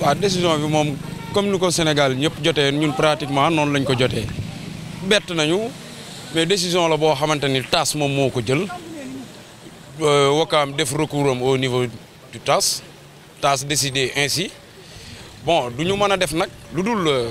waaw décision bi moom comme ni ko Sénégal ñëpp jotee ñun pratiquement noonu lañ ko jotee bett nañu mais décision la boo xamante ni TAS moom moo ko jël wokaam euh, def recours am au niveau du TAS TAS décidé ainsi bon du ñu mën def nag lu dul. Euh,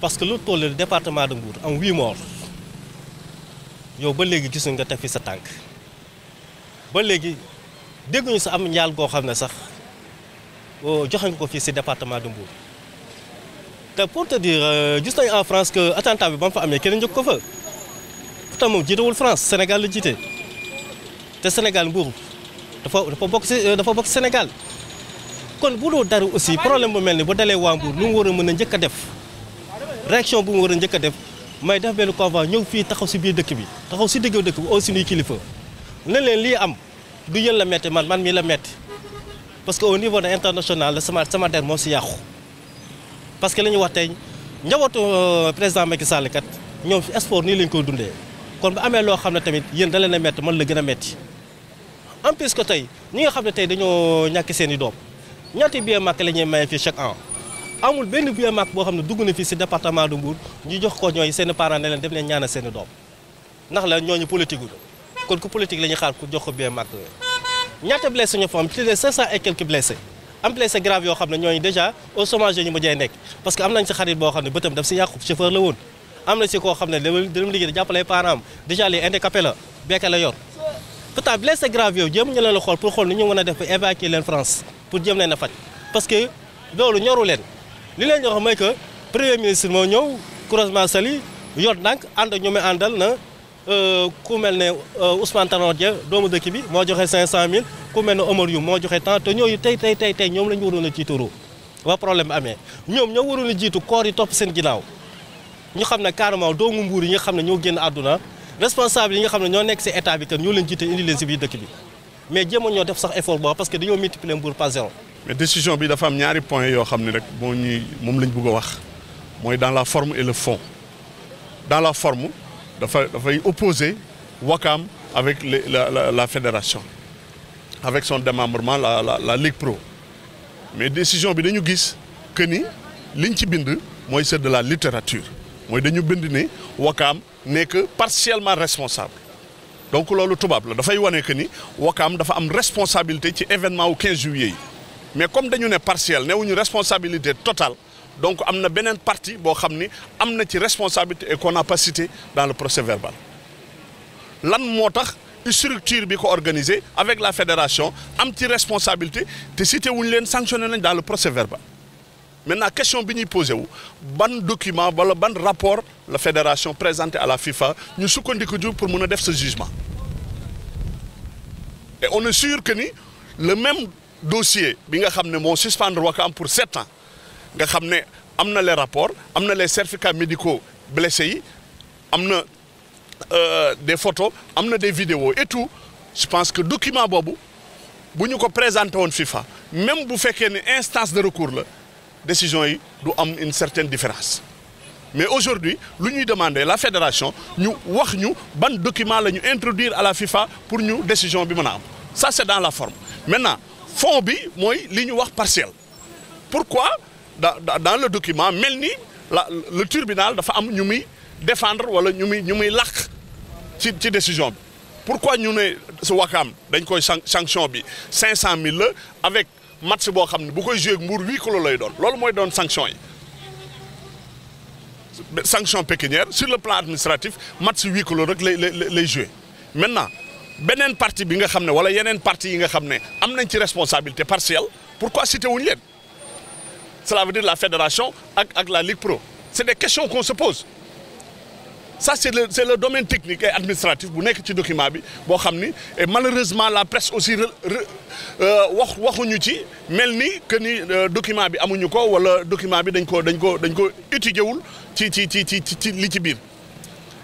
parce que le département de Mbour 8 huit morts il ba a gisuñ nga fi sa tank ba que dégguñu sa am oh, département de Mbour pour te dire juste euh, en France que attentat bi ba fa amee pourtant France Sénégal la Sénégal Mbour le euh, Sénégal kon bu aussi problème bu bu pas Mbour réaction bu mu war a njëkk a def may def benn convoi ñëw fii taxaw si biir dëkk bi taxaw si digg dëkk bi aussi nuy kilifa ne leen lii am du yéen la metti man man mii la metti parce que au niveau de international la sama sama der moo si yàqu parce que li ñu wax tey njabootu euh, président Macky Sall kat ñoom fi sport nii lañ koy dundee kon bu amee loo xam ne tamit yéen da leen a metti man la gën a metti en plus que tey ñi nga xam ne tey dañoo ñàkk seeni i doom ñaati billet la ñuy maye fii chaque an amul benn vieux mag boo xam ne dugg na fii si département de Mbour ñu jox ko ñooy seen parents ne leen dem leen ñaanal seen i doom ndax la ñooñu politique wuñu kon ku politique la ñuy xaar ku jox ko vieux mag ñaata blessé ñu fa am plus de 500 et quelques blessés am blessé yoo xam ne ñooñu déjà au chômage ñu mujjee nekk parce que am nañ si xarit boo xam ne bëtam daf si yàqu chauffeur la woon am na si koo xam ne dañu liggéey jàppale parents am déjà les handicapés bekke la yor pourtant blessé grave yooyu jéem ñu leen la xool pour xool ni ñu mën a def ba évacuer leen France pour jéem leen a faj parce que loolu ñoru leen li leen ñoo xam mooy que premier ministre moo ñëw croisement Saly yor ndànk ànd ak ñu àndal na euh, ku mel ne euh, Ousmane Tanor Dieng doomu dëkk bi moo joxe 500000 ku mel ne Omar Youm moo joxe temps te tey tey tey tey ñoom la ñu waroon a jiitaroo ba problème ñoom ñoo waroon a jiitu koor yi topp seen ginnaaw ñu xam ne carrément doomu mbuur yi nga xam ne ñoo génn àdduna responsable yi nga xam ne ñoo nekk si état bi que ñoo leen jiite indi leen si biir dëkk bi mais jéemoon ñoo def sax effort boobu parce que dañoo mais la décision bi dafa am un point yoo xam dans la forme et le fond dans la forme il faut opposer Wakam avec la, fédération avec son démembrement la la Ligue Pro mais la décision bi dañu gis que ni liñ ci c'est de la littérature Nous dañu bind ne Wakam n'est que partiellement responsable donc loolu tubaab la dafay wane que ni Wakam dafa am responsabilité ci événement au 15 juillet mais comme nous sommes partiels, nous avons une responsabilité totale donc y a une partie qui a une responsabilité et qu'on n'a pas cité dans le procès verbal lan moo une structure organisée avec la fédération a une responsabilité de citer ou de sanctionner dans le procès verbal maintenant question bi posée posons, wu ban document wala rapport la fédération présente à la FIFA nous sommes ju pour nous pour faire ce jugement et on est sûr que ni le même dossier bi nga xamné ne suspendre pour 7 ans nga xamné amna les rapports amna les certificats médicaux blessés yi euh, des photos amna des vidéos et tout je pense que document bobu buñu ko à la FIFA même bu fekkee une instance de recours la décision yi du am une certaine différence mais aujourd'hui nous demandons demander la fédération ñu wax ñu ban document lañu introduire à la FIFA pour ñu décision bi mëna ça c'est dans la forme maintenant fond bi moy liñu pourquoi dans le document le tribunal dafa am ñu défendre wala décision pourquoi nous, avons WAKAM, wakam dañ koy sanction bi 500 000 avec match Wakam xamni bu koy joué lay sanction yi sur le plan administratif match 8 rek maintenant benen parti bi nga xamné wala yenen parti yi nga xamné am nañ ci responsabilité partielle pourquoi cité wuñu leen cela veut dire la fédération ak ak la ligue pro c'est des questions qu'on se pose ça c'est le c'est le domaine technique et administratif bu nek ci document bi bo xamni et malheureusement la presse aussi euh, wax waxuñu ci Melni que ni euh, document bi amuñu ko wala document bi dañ ko dañ ko dañ ko étudier wul ci ci ci ci li ci bir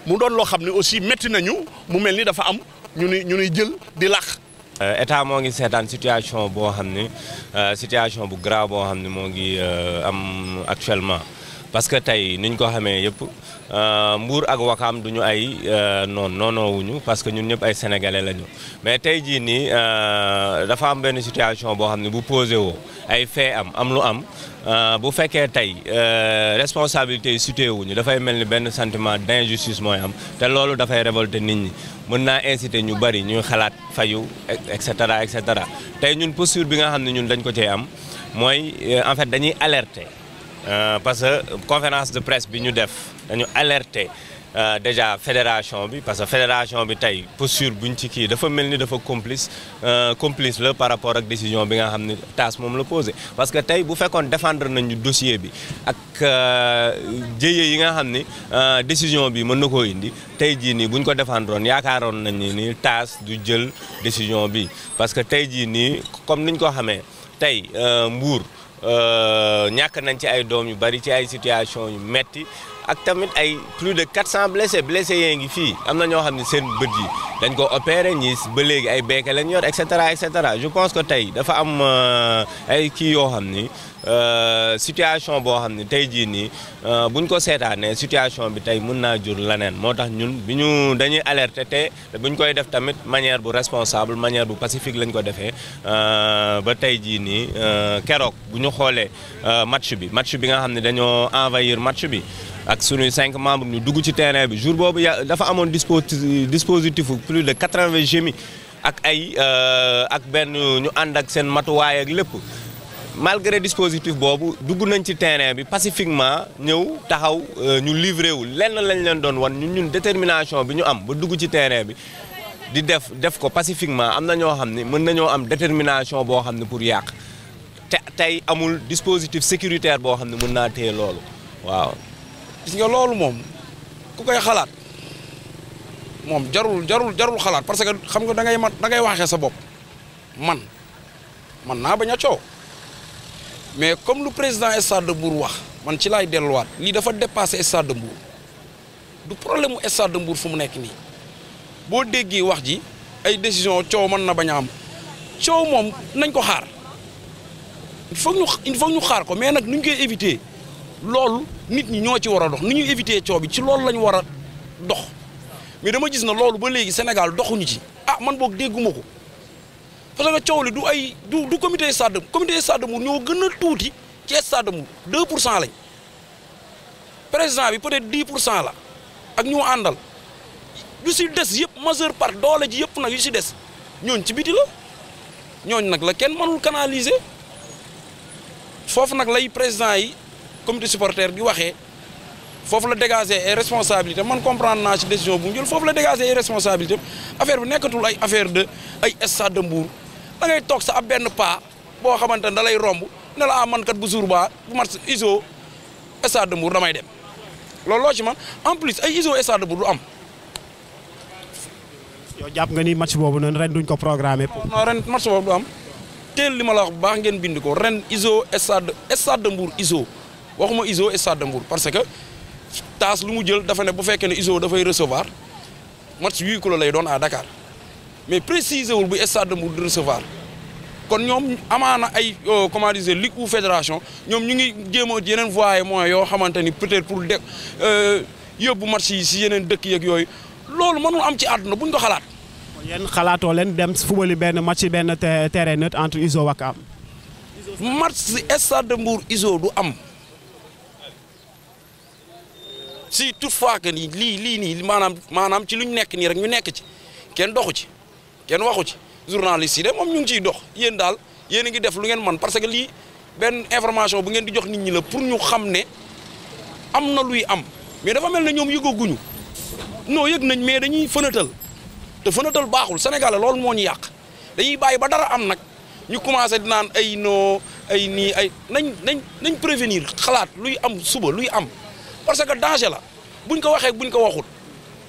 mu doon lo xam aussi metti nañu mu melni dafa am ñu ñu ni jël di lax euh état moo ngi seetaan situation bo xamni ne euh, situation bu grave bo xamni ne moo ngi euh, am actuellement parce que tay ni ñu ko yépp euh Mbour ak Wakaam du ñu euh, non nono wuñu parce que ñun ñëp ay sénégalais lañu mais tay ji ni euh dafa am benn situation bo xamni bu posé woo ay fait am am lu am euh bu féké tay euh responsabilité cité wuñu da fay melni benn sentiment d'injustice mooy am té lolu da fay révolter nit ñi. mën naa inciter ñu bari ñuy xalaat fayu et cetera et cetera tey ñun posture bi nga xam ne ñun dañ ko cee am mooy euh, en fait dañuy alerter euh, parce que conférence de presse bi ñu def dañu alerter. Euh, déjà fédération bi parce que fédération bi tey posture buñ ci kii dafa mel ni dafa complice euh, complice la par rapport ak décision bi nga xam ne taas moom la posé parce que tey bu fekkoon défendre nañu dossier bi ak euh, jéye yi nga xam ne décision bi mën na koo indi tey jii nii buñ ko défendroon yaakaaroon nañu ni taas du jël décision bi parce que tey jii nii comme niñ ko xamee tey Mbour ñàkk nañ ci ay doom yu bari ci ay situation yu metti ak tamit ay plus de 400 blessés blessés yi ngi fii am na ñoo xam ne seen bët yi dañ ko opéré ñi ba léegi ay beeke lañ yor et cetera et cetera je pense que tey dafa am euh, ay kii yoo xam ni euh, situation boo xam ne tey jii nii euh, buñ ko seetaanee situation bi tey mun naa jur leneen moo tax ñun bi ñu dañuy alerter te buñ koy def tamit manière bu responsable manière bu pacifique lañ ko defee ba tey jii nii keroog bu ñu xoolee match bi match bi nga xam ne dañoo envahir match bi. ak suñuy cinq membres ñu dugg ci terrain bi jour boobu ya dafa amoon dispo dispositif plus de quatre-vingts GMI ak ay euh, ak benn ñu ànd ak seen matuwaay ak lépp malgré dispositif boobu dugg nañ ci terrain bi pacifiquement ñëw taxaw euh, ñu livré wul lenn lañ leen doon wan ñu ñun détermination bi ñu am ba dugg ci terrain bi di def def ko pacifiquement am na ñoo xam ne mën nañoo am détermination boo xam ne pour yàq te tey amul dispositif sécuritaire boo xam ne mën naa téye loolu gis nga loolu moom ku koy xalaat moom jarul jarul jarul xalaat parce que xam nga da ngay mat da ngay waxee sa bopp man man naa bañ a coow mais comme lu président stade de Mbour wax man ci laay delluwaat lii dafa dépassé stade de Mbour du problème mu stade de Mbour fu mu nekk nii boo déggee wax ji ay décision coow man na bañ a am coow moom nañ ko xaar il faut ñu il faut ñu xaar ko mais nag ñu koy éviter loolu. nit ñi ñoo ci war a dox ni ñuy éviter coow bi ci loolu lañu war a dox mais dama gis na loolu ba léegi Sénégal doxuñu ci ah man boog dégguma ko parce que coow li du ay du du comité stade comité stade Mbour ñoo gën a tuuti ci stade mu 2 pour cent lañ président bi peut-être pour cent la ak ñu àndal yu si des yëpp majeure part doole ji yëpp nag yu si des ñooñ ci biti la ñooñ nag la kenn mënul canaliser foofu nag lay président yi. comité supporter bi waxee fofu la dégager ay responsabilité man comprendre na ci décision bu mu fofu la dégager ay responsabilité affaire bi nekatul ay affaire de ay stade de Mbour da ngay tok sa ben pas bo xamantene ne da lay romb ne la ah, man kat bu jour ba bu mat iso stade de Mbour damay dem loolu loo ci man en plus ay iso stade de Mbour du am. yo japp nga ni match bobu noonu ren duñ ko programmer. pour non ren match bobu du am teel lima la wax bu baax ngeen bind ko ren iso stade stade de Mbour iso. waxuma ISO stade de Mbour parce que taas lu mu jël dafa ne bu fekkee ne ISO dafay recevoir match huis clos lay doon à Dakar mais préciser wul bu stade de Mbour di recevoir kon ñoom amaana ay euh, comment dire ligue ou fédération ñoom ñu ngi jéem a yeneen voies moyens yoo xamante ni peut-être pour de euh, yóbbu match yi si yeneen dëkk yeeg yooyu loolu mënul am ci àdduna buñ ko xalaat. yéen xalaatoo leen dem football yi benn match benn terrain neutre entre ISO ak am. ISO du am. si toutefois que ni lii lii nii maanaam maanaam ci lu ñu nekk nii rek ñu nekk ci kenn doxu ci kenn waxu ci journaliste yi de moom ñu ngi ciy dox yéen daal yéen a ngi def lu ngeen man parce que lii benn information bu ngeen di jox nit ñi la pour ñu xam ne am na luy am mais dafa mel ne ñoom yëgaguñu non yëg nañ mais dañuy fënatal te fënatal baaxul Sénégal loolu moo ñu yàq dañuy bàyyi ba dara am nag ñu commencé di naan ay ay nii ay nañ nañ nañ prévenir xalaat luy am suba luy am. parce que danger la bu buñ ko waxee buñ ko waxul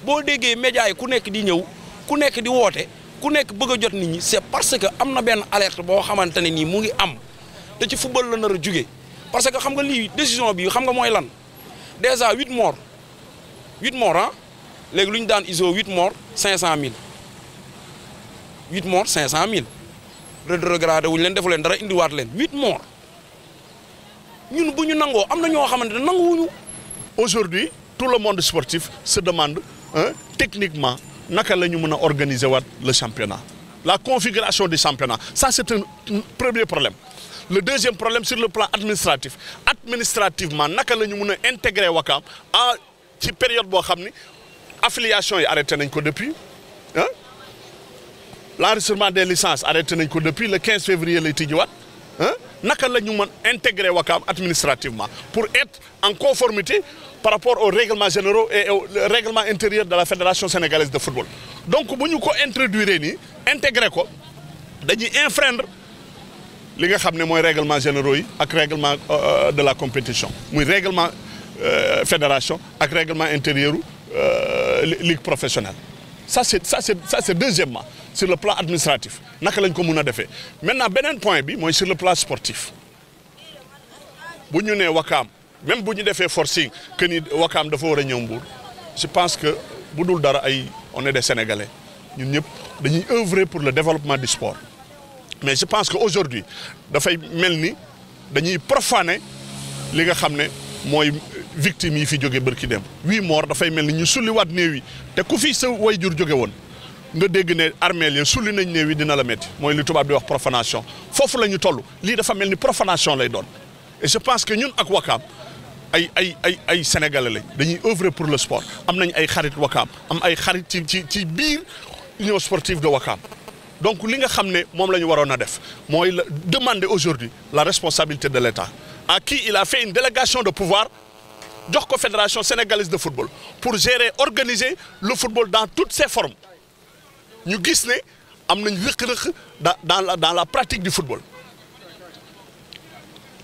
boo déggee médias yi ku nekk di ñëw ku nekk di woote ku nekk bëgg jot nit ñi c'est parce que am na benn alerte boo xamante ne nii mu ngi am te ci football la nar a jugee parce que xam nga lii décision bi xam nga mooy lan déjà huit morts huit morts ah léegi lu ñu daan iso huit morts cinq cent mille huit morts cinq cent mille rétrogradé wuñu leen defu leen dara indiwaat leen huit morts ñun bu ñu nangoo am na ñoo xamante ne nanguwuñu aujourd'hui tout le monde sportif se demande hein, techniquement comment la ñu organiser le championnat la configuration du championnat ça c'est un premier problème le deuxième problème sur le plan administratif administrativement naka on intégrer Wakam à cette période où L'affiliation est affiliation depuis hein? l'enregistrement des licences arrêté depuis le 15 février Comment tijjiwaat ah hein? naka intégrer Wakam administrativement pour être en conformité par rapport aux règlements généraux et au règlement intérieur de la Fédération sénégalaise de football donc si nous introduisons, introduire intégrer ko dañuy enfreindre li nga les règlements généraux et règlements euh, euh, de la compétition le règlement euh, fédération intérieurs règlement intérieur ligue professionnelle ça c'est ça c'est ça deuxièmement sur le plan administratif Maintenant, lañ ko a maintenant point sur le plan sportif Si nous sommes même bu ñu defee forcing que ni Wakam dafa war a ñëw je pense que bu dul dara ay on est des sénégalais ñun ñëpp dañuy œuvrer pour le développement du sport mais je pense que aujourd'hui dafay mel ni dañuy profaner li nga xam ne mooy victime yi fi jóge bërki dem huit morts dafay mel ni ñu sulliwaat wat yi te ku fi sa wayjur jóge woon nga dégg ne armeel yi sulli nañ néew yi dina la métti mooy li tubaab di wax profanation foofu la ñu toll lii dafa mel profanation lay doon et je pense que nous, avec Wakaam ay ay sénégalais nous œuvrons pour le sport Nous avons ay xarit Wakam, am ay xarit ci ci sportive de Wakam. donc ce que je ne moom la de demander aujourd'hui la responsabilité de l'État à qui il a fait une délégation de pouvoir de la fédération sénégalaise de football pour gérer organiser le football dans toutes ses formes Nous gis ne am nañ dans la pratique du football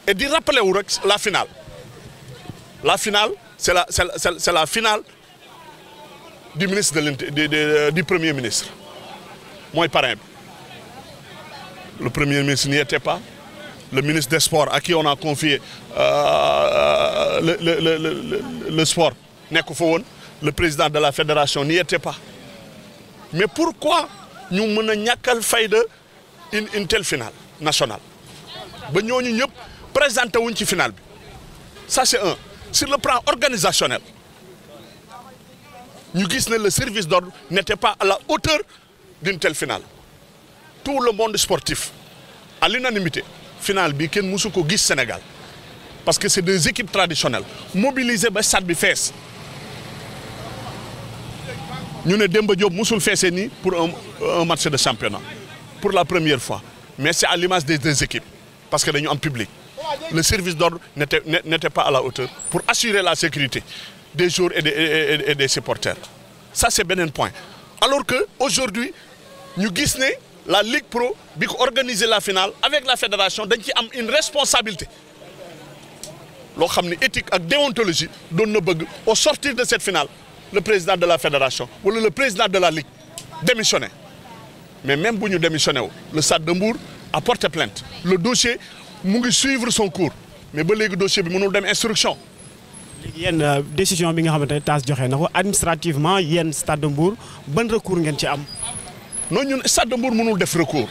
et de rappeler la finale la finale c'est la finale du ministre de euh, du premier ministre Moi, par exemple le premier ministre n'y était pas le ministre des sports à qui on a confié euh, euh, le, sport le président de la fédération n'y était pas mais pourquoi nous mën a une telle finale nationale présenté vous final ça c'est un sur le plan organisationnel nous le service d'ordre n'était pas à la hauteur d'une telle finale tout le monde sportif à l'unanimité finale bi Moussoukou Sénégal parce que c'est des équipes traditionnelles mobilisées ba stade bi Nous ñu ne Demba Diop pour un match de championnat pour la première fois mais c'est à l'image des deux équipes parce que dañu am public le service d'ordre n'était pas à la hauteur pour assurer la sécurité des joueurs et des, supporters. Ça, c'est bien un point. Alors qu'aujourd'hui, nous avons la Ligue Pro qui organisé la finale avec la fédération, donc il a une responsabilité. Lo une éthique et déontologie au sortir de cette finale le président de la fédération ou le président de la ligue démissionner mais même si nous démissionnons, le stade de Mbour a porté plainte le dossier mungi suivre son cours mais ba léegi dossier bi mënul dem instruction. a yenn euh, décision bi nga xamanté ne joxé nako y administrativement yenn Stade de Bourg, ban recours ngeen ci am. non ñun Stade de Mbour mënul def recours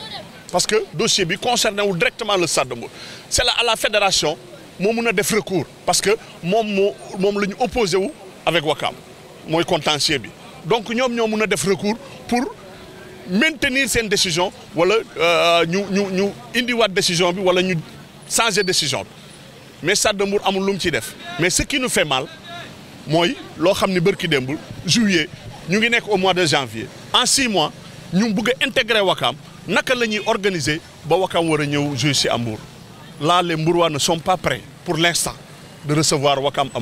parce que dossier bi concerné directement le Stade de Bourg. c'est là la à la fédération mo mun a def recours parce que mom mom lañu opposé wu avec Wakam moy contentieux bi donc ñom ñom mun def recours pour. maintenir cette décision wala euh, ñu ñu ñu décision bi wala ñu sans décision mais ça, de Mbour amul lu def mais ce qui nous fait mal moi, loo xam ni bërki juillet ñu ngi au mois de janvier en six mois nous bëgg intégrer Wakam, naka la ñuy organiser ba Wakaam war a ñëw jouer à là les Mbourois ne sont pas prêts pour l'instant de recevoir Wakam à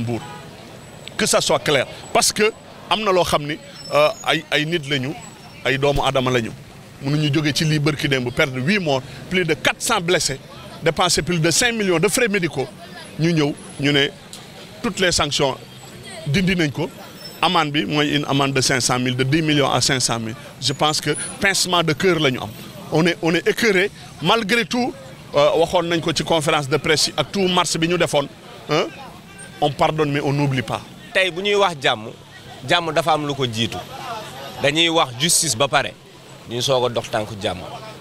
que ça soit clair parce que amna lo xamni euh, ay ay nit lañu ay doomu adama mënu ñu joggé ci lii bërki démb perdre huit morts plus de 400 blessés Dépenser plus de 5 millions de frais médicaux Nous avons toutes les sanctions dindi nañ une amende de 500 000 de 10 millions à 500 000 je pense que pincement de cœur on est on écœuré malgré tout euh, on nañ une conférence de presse à tout mars hein, on pardonne mais on n'oublie pas. Tay, nous on wax jàmm jàmm dafa am lu ko dañuy wax justice ba pare ñu dox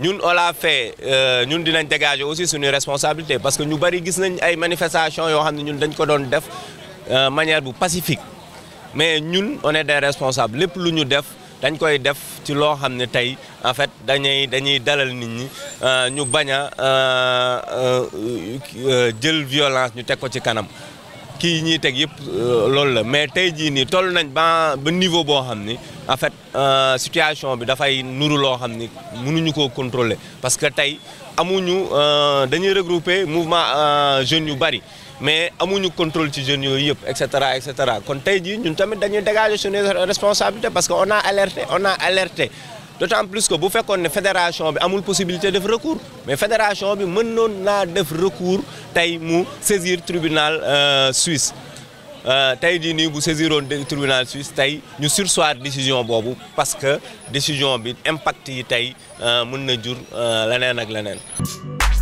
Nous, on l'a fait euh, nous dinañ dégager aussi une responsabilité parce que nous, bari gis manifestations euh, manière pacifique mais nous, on est des responsables plus lu ñu def dañ koy def ci ramené en fait nous dañuy dalal nit ñi euh, ñu violence mais niveau en fait euh, situation bi dafay nuru lo xamni contrôler parce que nous amuñu euh, dañuy regrouper mouvement euh, jeunes yu bari mais amuñu contrôle ci jeunes yooyu yëpp et cetera et cetera kon tay ji ñun tamit dañuy dégager nos responsabilités, parce qu'on a alerté on a alerté d'autant plus que bu fekkoon ne fédération bi amul possibilité de recours mais fédération bi mënon na def recours tay mu saisir tribunal suisse Euh, tey jii nii bu saisiroon tribunal suisse tey ñu surseoir décision boobu parce que décision bi impact yi tey euh, mun na jur euh, leneen ak leneen